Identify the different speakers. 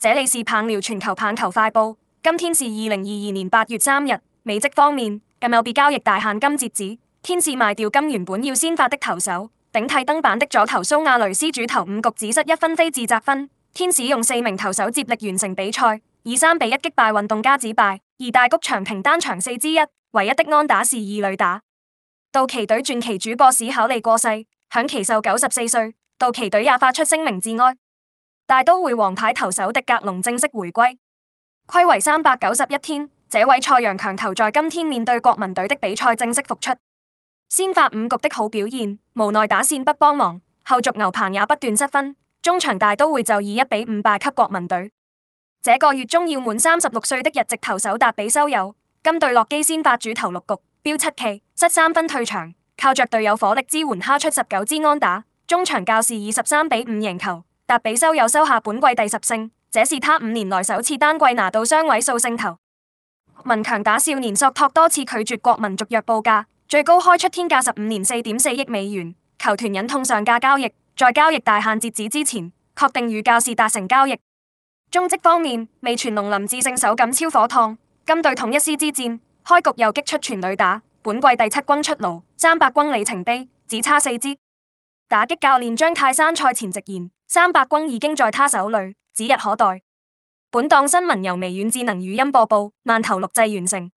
Speaker 1: 這裏是棒聊全球棒球快報，今天是二零二二年八月三日。美職方面，更有別交易大限今截止。天使賣掉金原本要先發的投手，頂替登板的左投蘇亞雷斯主投五局只失一分非自責分。天使用四名投手接力完成比賽，以三比一擊敗運動家，止敗，而大谷翔平單場四之一。唯一的安打是二壘打。道奇隊傳奇主播史考利過世，享耆壽九十四歲，道奇隊也發出聲明致哀。大都會王牌投手迪格隆正式回歸，虧為三百九十一天。這位賽揚強投在今天面對國民隊的比賽正式複出，先發五局的好表現，無奈打線不幫忙，後續牛棚也不斷失分，中場大都會就以一比五敗給國民隊。這個月中要滿三十六歲的日籍投手達比修有，今對洛基先發主投六局，飆七 K 失三分退場，靠着隊友火力支援敲出十九支安打，中場教士以十三比五贏球。達比修又收下本季第十勝，這是他五年來首次單季拿到雙位數勝投。文強打少年索托多次拒絕國民續約報價，最高開出天價十五年四點四億美元，球團忍痛上架交易，在交易大限截止之前，確定與教士達成交易。中職方面，味全龍林智勝手感超火燙，今對統一獅之戰，開局又擊出全壘打，本季第七轟出爐，三百轟里程碑，只差四支。打擊教練張泰山賽前直言：三百軍已經在他手裏，指日可待。本檔新聞由微軟智能語音播報，慢頭錄製完成。